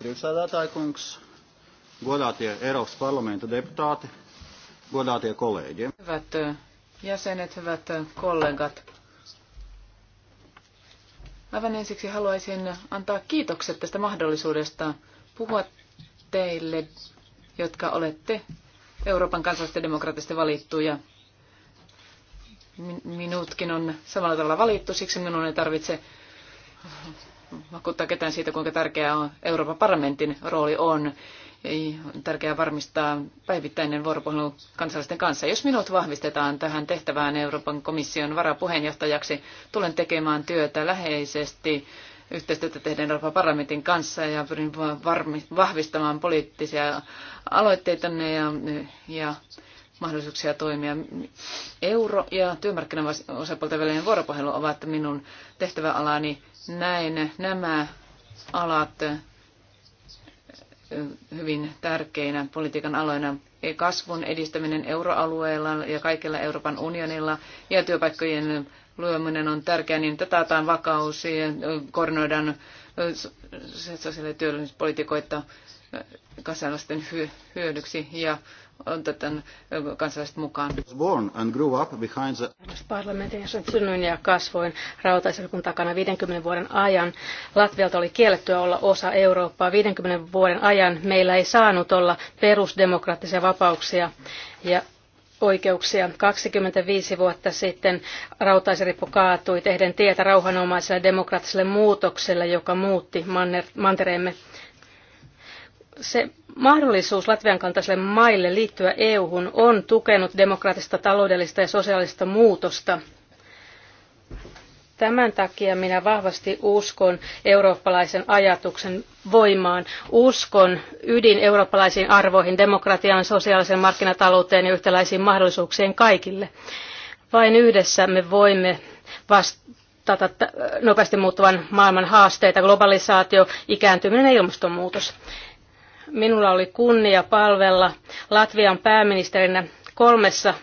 Priekšsēdētāja kungs, godātie Eiropas parlamenta deputāti, godātie kolēģi. Hyvät jäsenet, hyvät kollegat. Aivan ensiksi haluaisin antaa kiitokset tästä mahdollisuudesta puhua teille, jotka olette Euroopan kansallisten demokraattisesti valittuja. Minutkin on samalla tavalla valittu, siksi minun ei tarvitse vakuuttaa ketään siitä, kuinka tärkeä on Euroopan parlamentin rooli on. Ei, on tärkeää varmistaa päivittäinen vuoropuhelu kansalaisten kanssa. Jos minut vahvistetaan tähän tehtävään Euroopan komission varapuheenjohtajaksi, tulen tekemään työtä läheisesti yhteistyötä tehdään Euroopan parlamentin kanssa ja pyrin vahvistamaan poliittisia aloitteitanne ja, ja mahdollisuuksia toimia. Euro- ja työmarkkinaosapuolten välinen vuoropuhelu ovat minun tehtäväalani näen nämä alat hyvin tärkeinä politiikan aloina kasvun edistäminen euroalueella ja kaikilla Euroopan unionilla ja työpaikkojen luominen on tärkeää, niin että taataan vakaus ja koordinoidaan sosiaali- ja työllisyyspolitiikoita kansalaisten hy- hyödyksi ja on tämän kansalaiset mukaan. Born and grew up behind the... Parlamentin synnyin ja kasvoin rautaiselkun takana 50 vuoden ajan. Latvialta oli kiellettyä olla osa Eurooppaa. 50 vuoden ajan meillä ei saanut olla perusdemokraattisia vapauksia ja oikeuksia. 25 vuotta sitten rautaisrippu kaatui tehden tietä rauhanomaiselle demokraattiselle muutokselle, joka muutti mantereemme se mahdollisuus Latvian kaltaisille maille liittyä EU-hun on tukenut demokraattista, taloudellista ja sosiaalista muutosta. Tämän takia minä vahvasti uskon eurooppalaisen ajatuksen voimaan. Uskon ydin eurooppalaisiin arvoihin, demokratiaan, sosiaaliseen markkinatalouteen ja yhtäläisiin mahdollisuuksiin kaikille. Vain yhdessä me voimme vastata nopeasti muuttuvan maailman haasteita, globalisaatio, ikääntyminen ja ilmastonmuutos. Minulla oli kunnia palvella Latvian pääministerinä kolmessa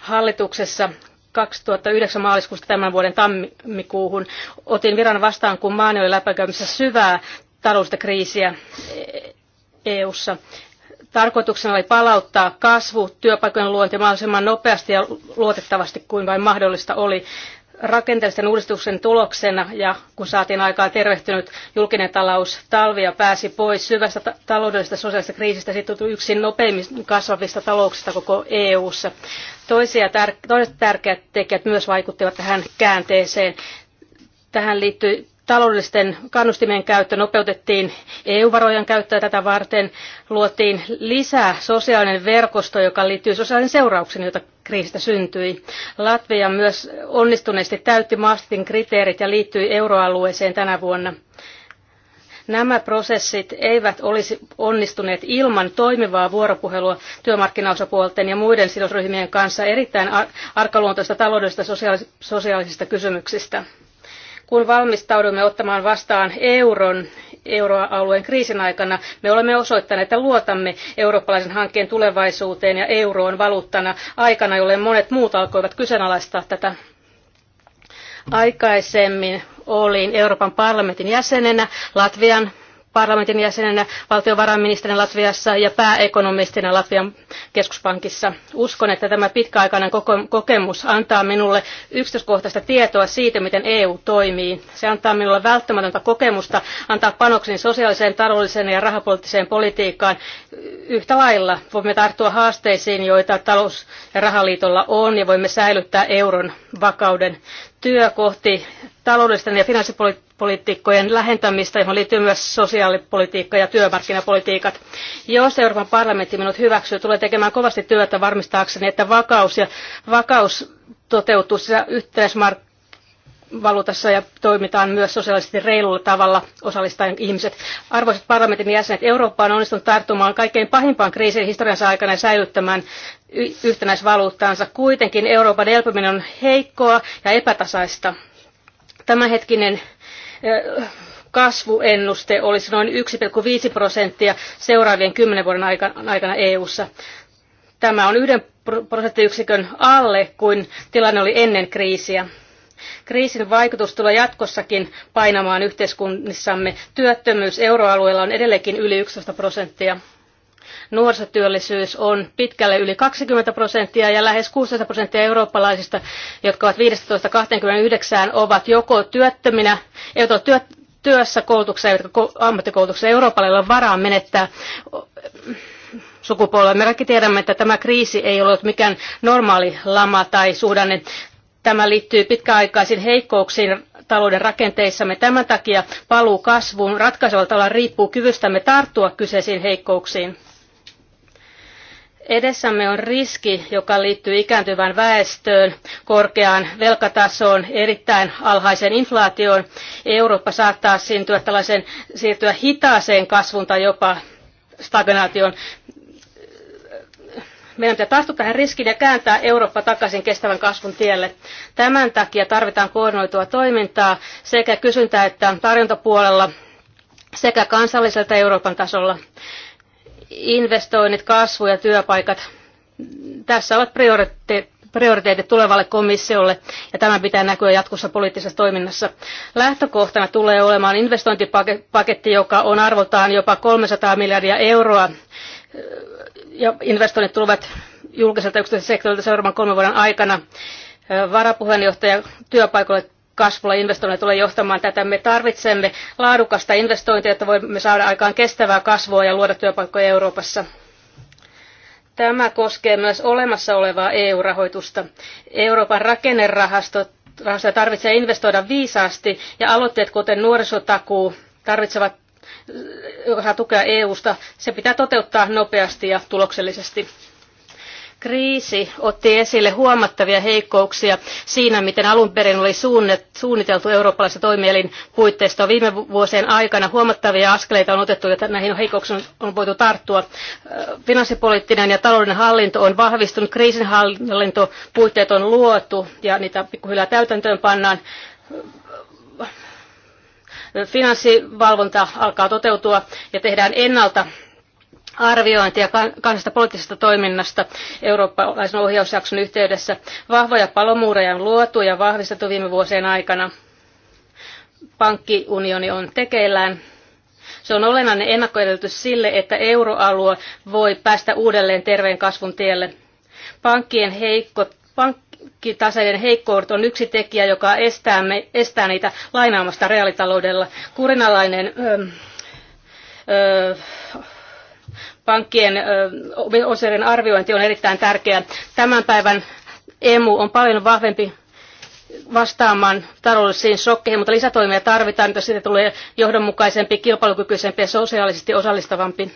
hallituksessa 2009 maaliskuusta tämän vuoden tammikuuhun. Otin viran vastaan, kun maani oli läpikäymässä syvää taloudellista kriisiä EU:ssa. Tarkoituksena oli palauttaa kasvu, työpaikojen luonti mahdollisimman nopeasti ja luotettavasti kuin vain mahdollista oli rakenteellisten uudistuksen tuloksena ja kun saatiin aikaan tervehtynyt julkinen talous talvia pääsi pois syvästä taloudellisesta taloudellisesta sosiaalisesta kriisistä, sitten yksi nopeimmin kasvavista talouksista koko EU-ssa. Toisia tär- toiset tärkeät tekijät myös vaikuttivat tähän käänteeseen. Tähän liittyy taloudellisten kannustimien käyttö nopeutettiin EU-varojen käyttöä tätä varten, luotiin lisää sosiaalinen verkosto, joka liittyy sosiaalisen seurauksiin, jota kriisistä syntyi. Latvia myös onnistuneesti täytti Maastin kriteerit ja liittyi euroalueeseen tänä vuonna. Nämä prosessit eivät olisi onnistuneet ilman toimivaa vuoropuhelua työmarkkinaosapuolten ja muiden sidosryhmien kanssa erittäin arkaluontoista taloudellisista sosiaalisista kysymyksistä. Kun valmistaudumme ottamaan vastaan euron euroalueen kriisin aikana, me olemme osoittaneet, että luotamme eurooppalaisen hankkeen tulevaisuuteen ja euroon valuuttana aikana, jolloin monet muut alkoivat kyseenalaistaa tätä aikaisemmin olin Euroopan parlamentin jäsenenä Latvian parlamentin jäsenenä, valtiovarainministerinä Latviassa ja pääekonomistina Latvian keskuspankissa. Uskon, että tämä pitkäaikainen kokemus antaa minulle yksityiskohtaista tietoa siitä, miten EU toimii. Se antaa minulle välttämätöntä kokemusta antaa panoksen sosiaaliseen, taloudelliseen ja rahapoliittiseen politiikkaan. Yhtä lailla voimme tarttua haasteisiin, joita talous- ja rahaliitolla on, ja voimme säilyttää euron vakauden työ kohti taloudellisten ja finanssipoliittisten politiikkojen lähentämistä, johon liittyy myös sosiaalipolitiikka ja työmarkkinapolitiikat. Jos Euroopan parlamentti minut hyväksyy, tulee tekemään kovasti työtä varmistaakseni, että vakaus ja vakaus toteutuu yhteismarkkinoilla valuutassa ja toimitaan myös sosiaalisesti reilulla tavalla osallistaen ihmiset. Arvoisat parlamentin jäsenet, Eurooppa on onnistunut tarttumaan kaikkein pahimpaan kriisiin historiansa aikana ja säilyttämään y- yhtenäisvaluuttaansa. Kuitenkin Euroopan elpyminen on heikkoa ja epätasaista. Tämänhetkinen kasvuennuste olisi noin 1,5 prosenttia seuraavien kymmenen vuoden aikana EU:ssa. Tämä on yhden prosenttiyksikön alle kuin tilanne oli ennen kriisiä. Kriisin vaikutus tulee jatkossakin painamaan yhteiskunnissamme. Työttömyys euroalueella on edelleenkin yli 11 prosenttia. Nuorisotyöllisyys on pitkälle yli 20 prosenttia ja lähes 16 prosenttia eurooppalaisista, jotka ovat 15-29, ovat joko työttöminä, eivät ole työssä koulutuksessa, eivätkä ammattikoulutuksessa Euroopalle ole varaa menettää sukupolvea. Me kaikki tiedämme, että tämä kriisi ei ole mikään normaali lama tai suhdanne. Tämä liittyy pitkäaikaisiin heikkouksiin talouden rakenteissamme. Tämän takia paluu kasvuun ratkaisevalla tavalla riippuu kyvystämme tarttua kyseisiin heikkouksiin. Edessämme on riski, joka liittyy ikääntyvään väestöön, korkeaan velkatasoon, erittäin alhaiseen inflaatioon. Eurooppa saattaa siirtyä tällaisen, siirtyä hitaaseen kasvuun tai jopa stagnaation. Meidän pitää tarttua tähän riskiin ja kääntää Eurooppa takaisin kestävän kasvun tielle. Tämän takia tarvitaan koordinoitua toimintaa sekä kysyntä- että tarjontapuolella sekä kansallisella että Euroopan tasolla investoinnit, kasvu ja työpaikat. Tässä ovat prioriteetit prioriteetit tulevalle komissiolle ja tämä pitää näkyä jatkossa poliittisessa toiminnassa. Lähtökohtana tulee olemaan investointipaketti, joka on arvoltaan jopa 300 miljardia euroa ja investoinnit tulevat julkiselta yksityiseltä sektorilta seuraavan kolmen vuoden aikana. Varapuheenjohtaja työpaikoille kasvulla investoinnit tulee johtamaan tätä. Me tarvitsemme laadukasta investointia, että voimme saada aikaan kestävää kasvua ja luoda työpaikkoja Euroopassa. Tämä koskee myös olemassa olevaa EU-rahoitusta. Euroopan rakennerahasto tarvitsee investoida viisaasti ja aloitteet, kuten nuorisotakuu, tarvitsevat joka saa tukea EU-sta, se pitää toteuttaa nopeasti ja tuloksellisesti. Kriisi otti esille huomattavia heikkouksia siinä, miten alun perin oli suunniteltu eurooppalaisen toimielin puitteista. Viime vuosien aikana huomattavia askeleita on otettu ja näihin heikkouksiin on voitu tarttua. Finanssipoliittinen ja talouden hallinto on vahvistunut, kriisinhallintopuitteet on luotu ja niitä pikkuhiljaa täytäntöön pannaan finanssivalvonta alkaa toteutua ja tehdään ennalta arviointia kansallisesta poliittisesta toiminnasta eurooppalaisen ohjausjakson yhteydessä. Vahvoja palomuureja on luotu ja vahvistettu viime vuosien aikana. Pankkiunioni on tekeillään. Se on olennainen ennakkoedellytys sille, että euroalue voi päästä uudelleen terveen kasvun tielle. Pankkien heikko, pankkitaseiden heikkoudet on yksi tekijä, joka estää, me, estää niitä lainaamasta reaalitaloudella. Kurinalainen öö, öö, pankkien osuuden arviointi on erittäin tärkeää. Tämän päivän EMU on paljon vahvempi vastaamaan taloudellisiin shokkeihin, mutta lisätoimia tarvitaan, jotta siitä tulee johdonmukaisempi, kilpailukykyisempi ja sosiaalisesti osallistavampi.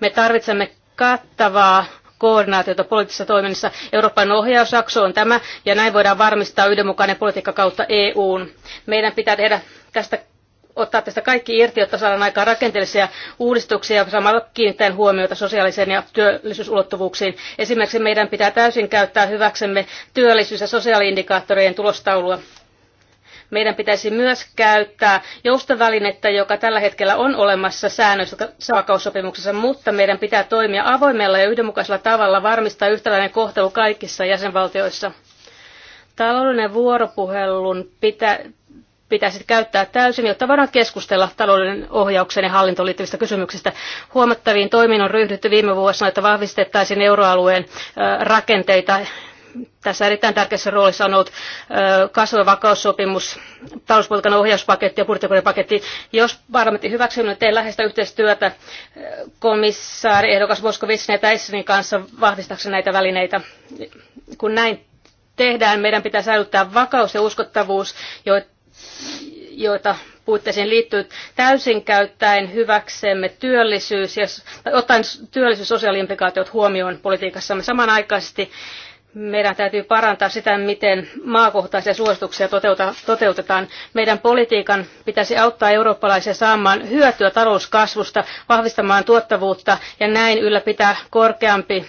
Me tarvitsemme kattavaa koordinaatiota poliittisessa toiminnassa. Euroopan ohjausjakso on tämä, ja näin voidaan varmistaa yhdenmukainen politiikka kautta EUn. Meidän pitää tehdä tästä ottaa tästä kaikki irti, jotta saadaan aikaan rakenteellisia uudistuksia ja samalla kiinnittäen huomiota sosiaaliseen ja työllisyysulottuvuuksiin. Esimerkiksi meidän pitää täysin käyttää hyväksemme työllisyys- ja sosiaaliindikaattoreiden tulostaulua. Meidän pitäisi myös käyttää joustovälinettä, joka tällä hetkellä on olemassa säännöissä vakaussopimuksessa, mutta meidän pitää toimia avoimella ja yhdenmukaisella tavalla varmistaa yhtäläinen kohtelu kaikissa jäsenvaltioissa. Taloudellinen vuoropuhelun pitä, pitäisi käyttää täysin, jotta voidaan keskustella talouden ohjauksen ja hallintoon liittyvistä kysymyksistä. Huomattaviin toimiin on ryhdytty viime vuosina, että vahvistettaisiin euroalueen rakenteita tässä erittäin tärkeässä roolissa on ollut kasvu- ja vakaussopimus, talouspolitiikan ohjauspaketti ja budjettikuripaketti. Jos parlamentti hyväksyy, niin teen läheistä yhteistyötä komissaari ehdokas Voskovitsin ja Täissinin kanssa vahvistakseen näitä välineitä. Kun näin tehdään, meidän pitää säilyttää vakaus ja uskottavuus, joita joita puitteisiin liittyy täysin käyttäen hyväksemme työllisyys ja ottaen työllisyys- ja sosiaaliimplikaatiot huomioon politiikassamme samanaikaisesti meidän täytyy parantaa sitä, miten maakohtaisia suosituksia toteutetaan. Meidän politiikan pitäisi auttaa eurooppalaisia saamaan hyötyä talouskasvusta, vahvistamaan tuottavuutta ja näin ylläpitää korkeampi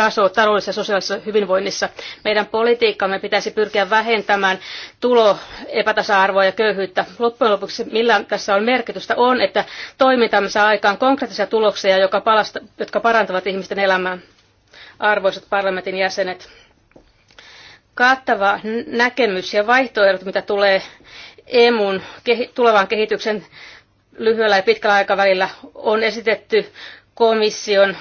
taso taloudellisessa ja sosiaalisessa hyvinvoinnissa. Meidän politiikkamme pitäisi pyrkiä vähentämään tulo, epätasa-arvoa ja köyhyyttä. Loppujen lopuksi millä tässä on merkitystä on, että toimintamme saa aikaan konkreettisia tuloksia, jotka parantavat ihmisten elämää. Arvoisat parlamentin jäsenet, kattava näkemys ja vaihtoehdot, mitä tulee EMUn tulevan kehityksen lyhyellä ja pitkällä aikavälillä, on esitetty komission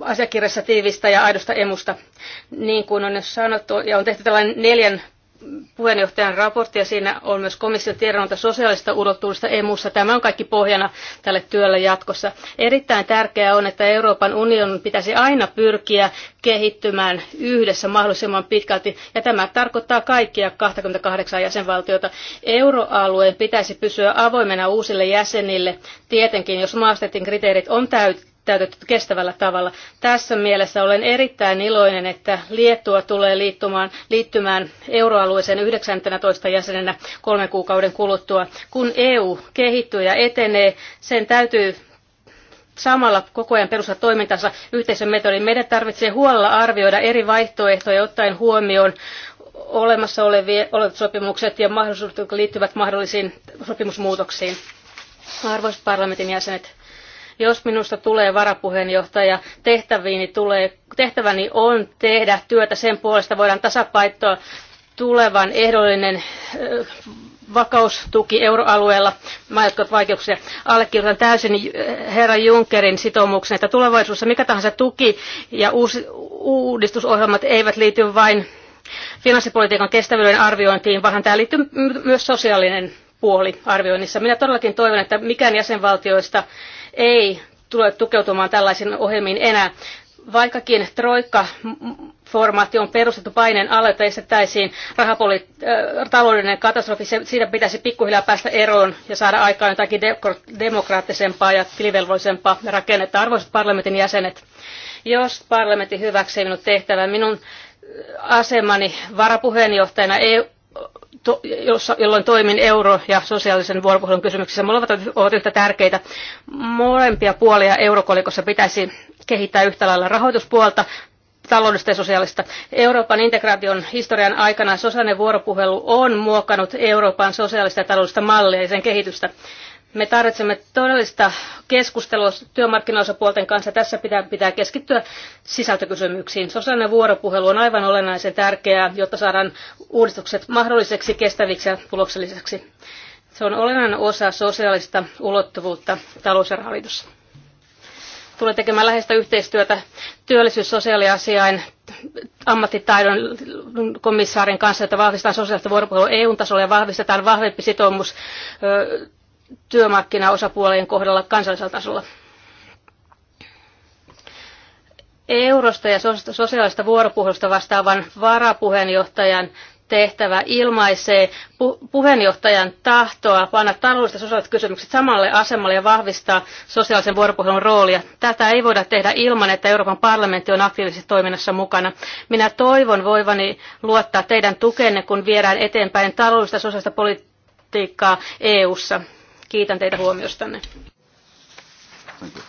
asiakirjassa tiivistä ja aidosta emusta, niin kuin on jo sanottu, ja on tehty tällainen neljän puheenjohtajan raportti ja siinä on myös komission tiedonanto sosiaalista ulottuvuudesta EMUssa. Tämä on kaikki pohjana tälle työlle jatkossa. Erittäin tärkeää on, että Euroopan unionin pitäisi aina pyrkiä kehittymään yhdessä mahdollisimman pitkälti ja tämä tarkoittaa kaikkia 28 jäsenvaltiota. Euroalueen pitäisi pysyä avoimena uusille jäsenille, tietenkin jos maastetin kriteerit on täyt täytetty kestävällä tavalla. Tässä mielessä olen erittäin iloinen, että Liettua tulee liittymään, liittymään euroalueeseen 19 jäsenenä kolme kuukauden kuluttua. Kun EU kehittyy ja etenee, sen täytyy samalla koko ajan perusta toimintansa yhteisön metodin. Meidän tarvitsee huolella arvioida eri vaihtoehtoja ottaen huomioon olemassa olevat sopimukset ja mahdollisuudet, jotka liittyvät mahdollisiin sopimusmuutoksiin. Arvoisat parlamentin jäsenet, jos minusta tulee varapuheenjohtaja, tehtäviini tulee, tehtäväni on tehdä työtä sen puolesta, voidaan tasapaittoa tulevan ehdollinen vakaustuki euroalueella, maat, jotka ovat vaikeuksia, allekirjoitan täysin herra Junckerin sitoumuksen, että tulevaisuudessa mikä tahansa tuki ja uusi, uudistusohjelmat eivät liity vain finanssipolitiikan kestävyyden arviointiin, vaan tämä liittyy myös sosiaalinen puoli arvioinnissa. Minä todellakin toivon, että mikään jäsenvaltioista ei tule tukeutumaan tällaisiin ohjelmiin enää. Vaikkakin Troikka-formaatti on perustettu paineen alle, että estettäisiin rahapoli- äh, taloudellinen katastrofi, se, siitä pitäisi pikkuhiljaa päästä eroon ja saada aikaan jotakin de- demokraattisempaa ja tilivelvoisempaa rakennetta. Arvoisat parlamentin jäsenet, jos parlamentti hyväksyy minun tehtävän, minun asemani varapuheenjohtajana EU, to, jossa, jolloin toimin euro- ja sosiaalisen vuoropuhelun kysymyksissä. Molemmat ovat yhtä tärkeitä. Molempia puolia eurokolikossa pitäisi kehittää yhtä lailla rahoituspuolta, taloudellista ja sosiaalista. Euroopan integraation historian aikana sosiaalinen vuoropuhelu on muokannut Euroopan sosiaalista ja taloudellista mallia ja sen kehitystä. Me tarvitsemme todellista keskustelua työmarkkinaosapuolten kanssa. Tässä pitää, pitää keskittyä sisältökysymyksiin. Sosiaalinen vuoropuhelu on aivan olennaisen tärkeää, jotta saadaan uudistukset mahdolliseksi, kestäviksi ja tulokselliseksi. Se on olennainen osa sosiaalista ulottuvuutta talous- ja Tulee tekemään läheistä yhteistyötä työllisyys- sosiaaliasiain ammattitaidon komissaarin kanssa, että vahvistetaan sosiaalista vuoropuhelua EU-tasolla ja vahvistetaan vahvempi sitoumus työmarkkinaosapuolien kohdalla kansallisella tasolla. Eurosta ja sosiaalista vuoropuhelusta vastaavan varapuheenjohtajan tehtävä ilmaisee puheenjohtajan tahtoa panna taloudelliset ja sosiaaliset kysymykset samalle asemalle ja vahvistaa sosiaalisen vuoropuhelun roolia. Tätä ei voida tehdä ilman, että Euroopan parlamentti on aktiivisesti toiminnassa mukana. Minä toivon voivani luottaa teidän tukenne, kun viedään eteenpäin taloudellista ja sosiaalista politiikkaa EU-ssa. Kiitän teitä huomiostanne. Thank you.